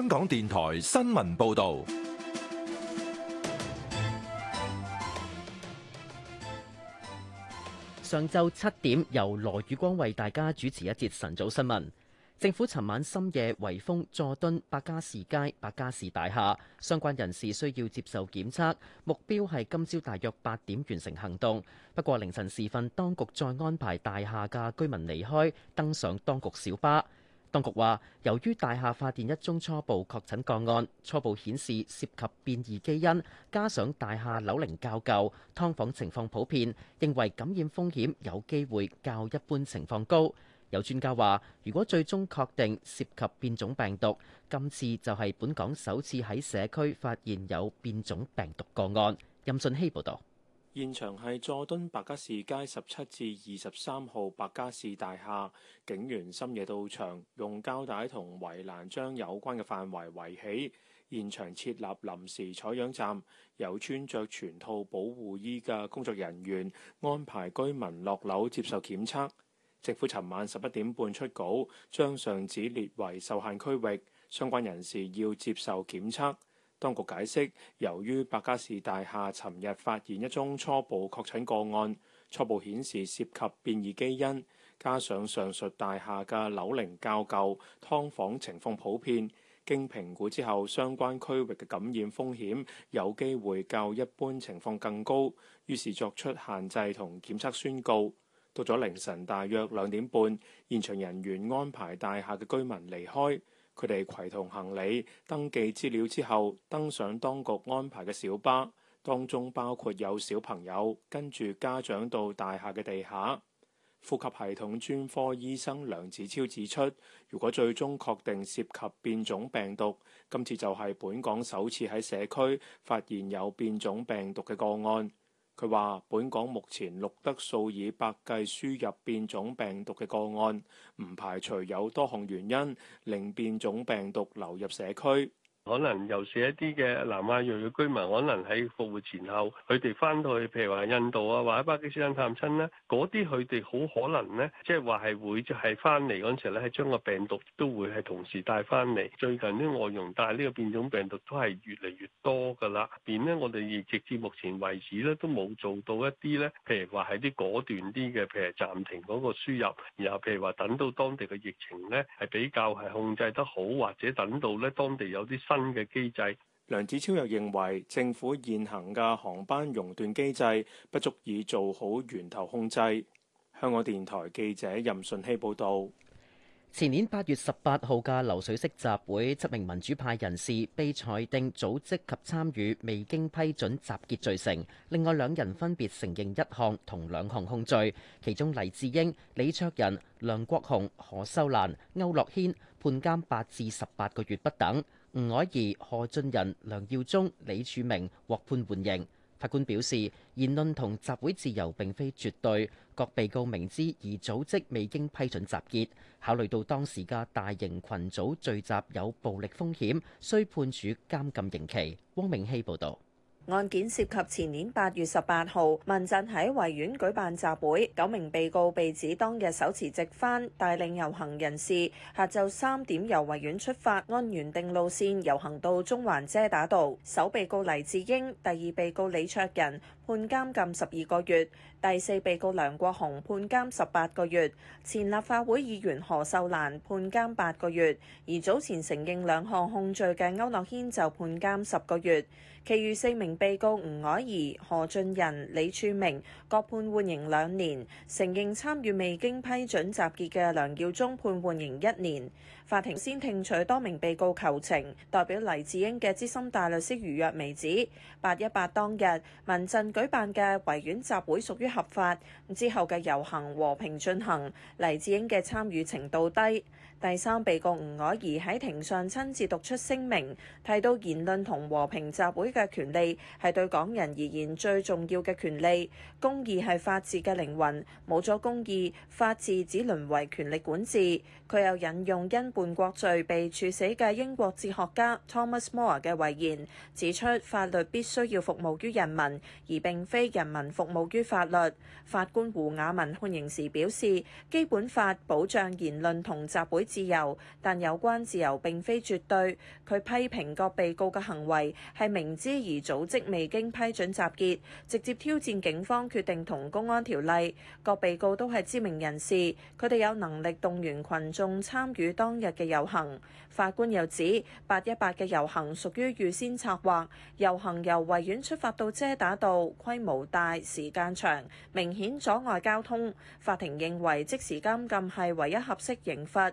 香港電台新聞報道：上晝七點，由羅宇光為大家主持一節晨早新聞。政府尋晚深夜圍封佐敦白加士街白加士大廈，相關人士需要接受檢測，目標係今朝大約八點完成行動。不過凌晨時分，當局再安排大廈嘅居民離開，登上當局小巴。當局話，由於大廈發電一宗初步確診個案，初步顯示涉及變異基因，加上大廈樓齡較舊，劏房情況普遍，認為感染風險有機會較一般情況高。有專家話，如果最終確定涉及變種病毒，今次就係本港首次喺社區發現有變種病毒個案。任俊希報導。現場係佐敦白加士街十七至二十三號白加士大廈，警員深夜到場，用膠帶同圍欄將有關嘅範圍圍起。現場設立臨時採樣站，有穿着全套保護衣嘅工作人員安排居民落樓接受檢測。政府尋晚十一點半出稿，將上址列為受限區域，相關人士要接受檢測。當局解釋，由於白加士大廈尋日發現一宗初步確診個案，初步顯示涉及變異基因，加上上述大廈嘅樓齡較舊，劏房情況普遍，經評估之後，相關區域嘅感染風險有機會較一般情況更高，於是作出限制同檢測宣告。到咗凌晨大約兩點半，現場人員安排大廈嘅居民離開。佢哋攜同行李、登記資料之後，登上當局安排嘅小巴，當中包括有小朋友跟住家長到大廈嘅地下。呼吸系統專科醫生梁子超指出，如果最終確定涉及變種病毒，今次就係本港首次喺社區發現有變種病毒嘅個案。佢話：本港目前錄得數以百計輸入變種病毒嘅個案，唔排除有多項原因令變種病毒流入社區。可能又是一啲嘅南亞裔嘅居民，可能喺復活前後，佢哋翻到去，譬如話印度啊，或者巴基斯坦探親啦，嗰啲佢哋好可能咧，即係話係會就係翻嚟嗰陣時咧，將個病毒都會係同時帶翻嚟。最近呢，外傭帶呢個變種病毒都係越嚟越多㗎啦。變咧，我哋亦直至目前為止咧，都冇做到一啲咧，譬如話係啲果斷啲嘅，譬如暫停嗰個輸入，然後譬如話等到當地嘅疫情咧係比較係控制得好，或者等到咧當地有啲新嘅機制，梁子超又認為政府現行嘅航班熔斷機制不足以做好源頭控制。香港電台記者任順希報道。前年八月十八號嘅流水式集會，七名民主派人士被裁定組織及參與未經批准集結罪成，另外兩人分別承認一項同兩項控罪，其中黎智英、李卓人、梁國雄、何秀蘭、歐樂軒判監八至十八個月不等。吳靄儀、何俊仁、梁耀忠、李柱銘獲判緩刑。法官表示，言論同集會自由並非絕對，各被告明知而組織未經批准集結，考慮到當時嘅大型群組聚集有暴力風險，需判處監禁刑期。汪明希報道。案件涉及前年八月十八號，民陣喺維園舉辦集會，九名被告被指當日手持直幡帶領遊行人士，下晝三點由維園出發，按原定路線遊行到中環遮打道。首被告黎智英、第二被告李卓人判監禁十二個月，第四被告梁國雄判監十八個月，前立法會議員何秀蘭判監八個月，而早前承認兩項控罪嘅區諾軒就判監十個月，其餘四名。被告吳靄儀、何俊仁、李柱銘各判緩刑兩年，承認參與未經批准集結嘅梁耀忠判緩刑一年。法庭先聽取多名被告求情，代表黎智英嘅資深大律師余若薇指八一八當日民陣舉辦嘅維園集會屬於合法，之後嘅遊行和平進行，黎智英嘅參與程度低。第三被告吳凱怡喺庭上親自讀出聲明，提到言論同和平集會嘅權利係對港人而言最重要嘅權利，公義係法治嘅靈魂，冇咗公義，法治只淪為權力管治。佢又引用因叛國罪被處死嘅英國哲學家 Thomas More 嘅遺言，指出法律必須要服務於人民，而並非人民服務於法律。法官胡雅文判刑時表示，基本法保障言論同集會。自由，但有關自由並非絕對。佢批評各被告嘅行為係明知而組織，未經批准集結，直接挑戰警方決定同公安條例。各被告都係知名人士，佢哋有能力動員群眾參與當日嘅遊行。法官又指，八一八嘅遊行屬於預先策劃，遊行由維園出發到遮打道，規模大、時間長，明顯阻礙交通。法庭認為即時監禁係唯一合適刑罰。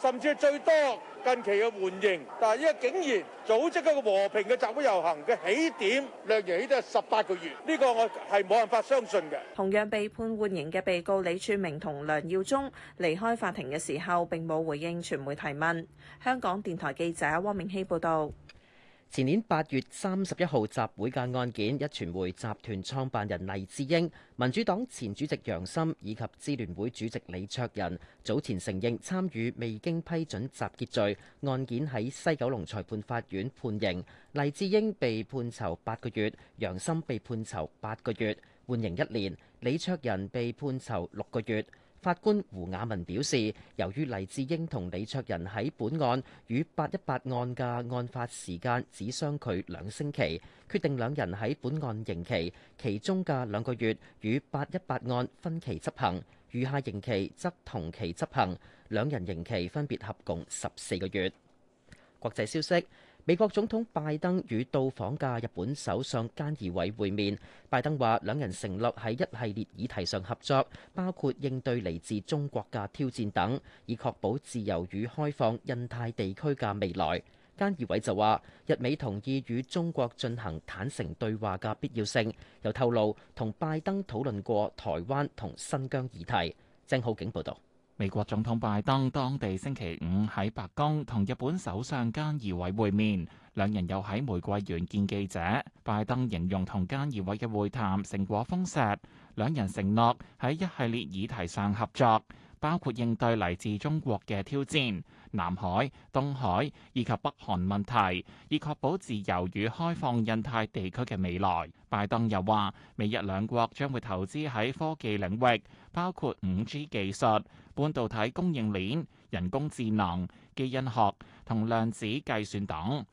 甚至最多近期嘅緩刑，但係因為竟然組織一個和平嘅集會遊行嘅起點量刑起都係十八個月，呢、這個我係冇辦法相信嘅。同樣被判緩刑嘅被告李柱明同梁耀忠離開法庭嘅時候，並冇回應傳媒提問，香港電台記者汪明希報道。前年八月三十一號集會嘅案件，壹傳媒集團創辦人黎智英、民主黨前主席楊森以及支聯會主席李卓人早前承認參與未經批准集結罪案件，喺西九龍裁判法院判刑。黎智英被判囚八個月，楊森被判囚八個月，緩刑一年，李卓人被判囚六個月。法官胡雅文表示，由於黎智英同李卓人喺本案與八一八案嘅案發時間只相距兩星期，決定兩人喺本案刑期其中嘅兩個月與八一八案分期執行，餘下刑期則同期執行。兩人刑期分別合共十四個月。國際消息。美國總統拜登與到訪嘅日本首相菅義偉會面，拜登話兩人承諾喺一系列議題上合作，包括應對嚟自中國嘅挑戰等，以確保自由與開放印太地區嘅未來。菅義偉就話日美同意與中國進行坦誠對話嘅必要性，又透露同拜登討論過台灣同新疆議題。鄭浩景報道。美國總統拜登當地星期五喺白宮同日本首相菅義偉會面，兩人又喺玫瑰園見記者。拜登形容同菅義偉嘅會談成果豐碩，兩人承諾喺一系列議題上合作。包括應對嚟自中國嘅挑戰，南海、東海以及北韓問題，以確保自由與開放印太地區嘅未來，拜登又話美日兩國將會投資喺科技領域，包括五 G 技術、半導體供應鏈、人工智能、基因學同量子計算等。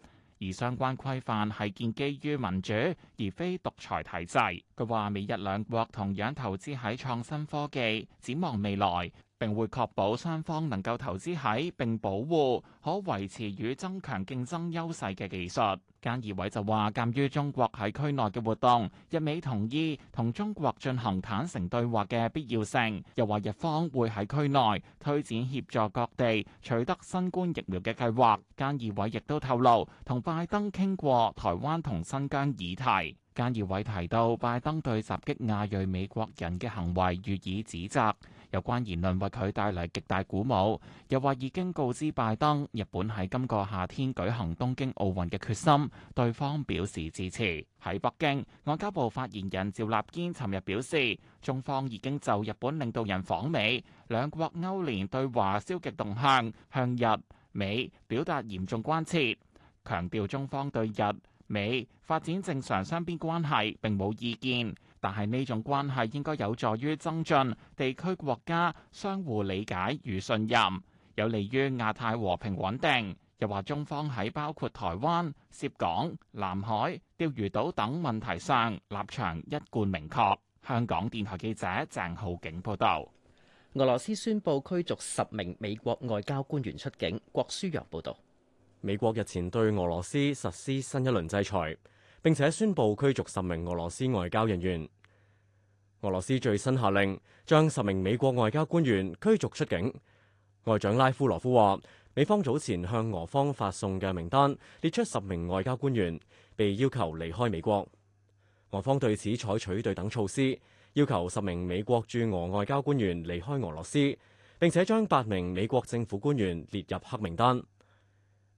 而相關規範係建基於民主，而非獨裁體制。佢話美日兩國同樣投資喺創新科技，展望未來。定會確保雙方能夠投資喺並保護可維持與增強競爭優勢嘅技術。菅義偉就話，鑑於中國喺區內嘅活動，日美同意同中國進行坦誠對話嘅必要性。又話，日方會喺區內推展協助各地取得新冠疫苗嘅計劃。菅義偉亦都透露，同拜登傾過台灣同新疆議題。菅義偉提到，拜登對襲擊亞裔美國人嘅行為予以指責，有關言論為佢帶嚟極大鼓舞。又話已經告知拜登，日本喺今個夏天舉行東京奧運嘅決心，對方表示支持。喺北京，外交部發言人趙立堅尋日表示，中方已經就日本領導人訪美、兩國勾連對華消極動向向日美表達嚴重關切，強調中方對日美發展正常雙邊關係並冇意見，但係呢種關係應該有助於增進地區國家相互理解與信任，有利於亞太和平穩定。又話中方喺包括台灣、涉港、南海、釣魚島等問題上立場一貫明確。香港電台記者鄭浩景報道。俄羅斯宣布驅逐十名美國外交官員出境。郭書陽報道。美國日前對俄羅斯實施新一輪制裁，並且宣布驅逐十名俄羅斯外交人員。俄羅斯最新下令將十名美國外交官員驅逐出境。外長拉夫羅夫話，美方早前向俄方發送嘅名單列出十名外交官員，被要求離開美國。俄方對此採取對等措施，要求十名美國駐俄外交官員離開俄羅斯，並且將八名美國政府官員列入黑名單。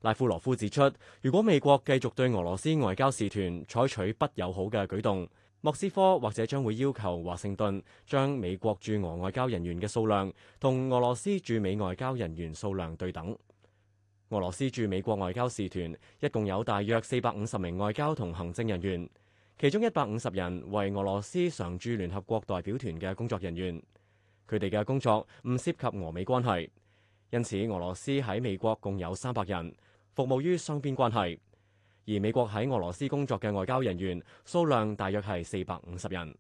拉夫羅夫指出，如果美國繼續對俄羅斯外交使團採取不友好嘅舉動，莫斯科或者將會要求華盛頓將美國駐俄外交人員嘅數量同俄羅斯駐美外交人員數量對等。俄羅斯駐美國外交使團一共有大約四百五十名外交同行政人員，其中一百五十人為俄羅斯常駐聯合國代表團嘅工作人員，佢哋嘅工作唔涉及俄美關係，因此俄羅斯喺美國共有三百人。服務於雙邊關係，而美國喺俄羅斯工作嘅外交人員數量大約係四百五十人。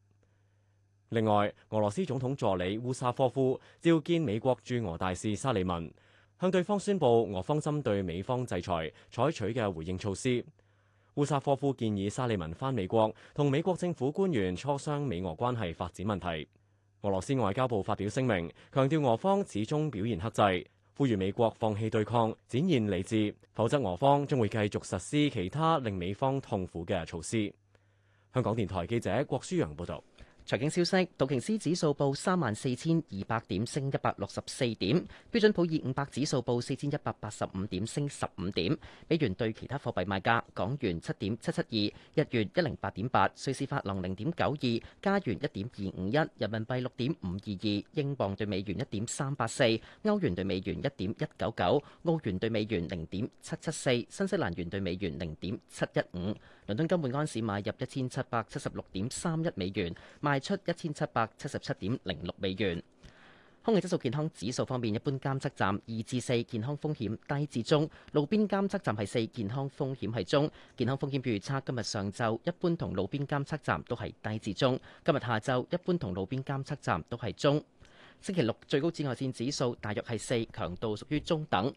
另外，俄羅斯總統助理烏沙科夫召見美國駐俄大使沙利文，向對方宣布俄方針對美方制裁採取嘅回應措施。烏沙科夫建議沙利文返美國，同美國政府官員磋商美俄關係發展問題。俄羅斯外交部發表聲明，強調俄方始終表現克制。呼籲美國放棄對抗，展現理智，否則俄方將會繼續實施其他令美方痛苦嘅措施。香港電台記者郭舒揚報道。財經消息，道瓊斯指數報三萬四千二百點，升一百六十四點；標準普爾五百指數報四千一百八十五點，升十五點。美元對其他貨幣賣價：港元七點七七二，日元一零八點八，瑞士法郎零點九二，加元一點二五一，人民幣六點五二二，英鎊對美元一點三八四，歐元對美元一點一九九，澳元對美元零點七七四，新西蘭元對美元零點七一五。倫敦金本安市買入一千七百七十六點三一美元，賣出一千七百七十七點零六美元。空氣質素健康指數方面，一般監測站二至四健康風險低至中，路邊監測站係四健康風險係中。健康風險預測，今日上晝一般同路邊監測站都係低至中，今日下晝一般同路邊監測站都係中。星期六最高紫外線指數大約係四，強度屬於中等。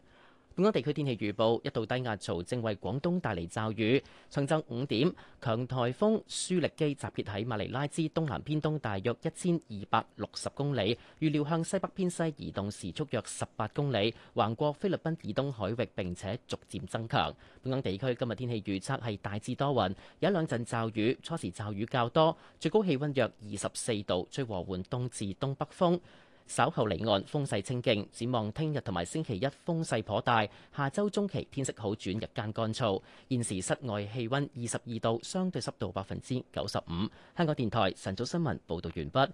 本港地區天氣預報：一道低壓槽正為廣東帶嚟驟雨。上晝五點，強颱風舒力基集結喺馬尼拉之東南偏東大約一千二百六十公里，預料向西北偏西移動時速約十八公里，橫過菲律賓以東海域並且逐漸增強。本港地區今日天氣預測係大致多雲，有一兩陣驟雨，初時驟雨較多，最高氣温約二十四度，吹和緩東至東北風。稍後離岸風勢清勁，展望聽日同埋星期一風勢頗大，下周中期天色好轉，日間乾燥。現時室外氣溫二十二度，相對濕度百分之九十五。香港電台晨早新聞報道完畢。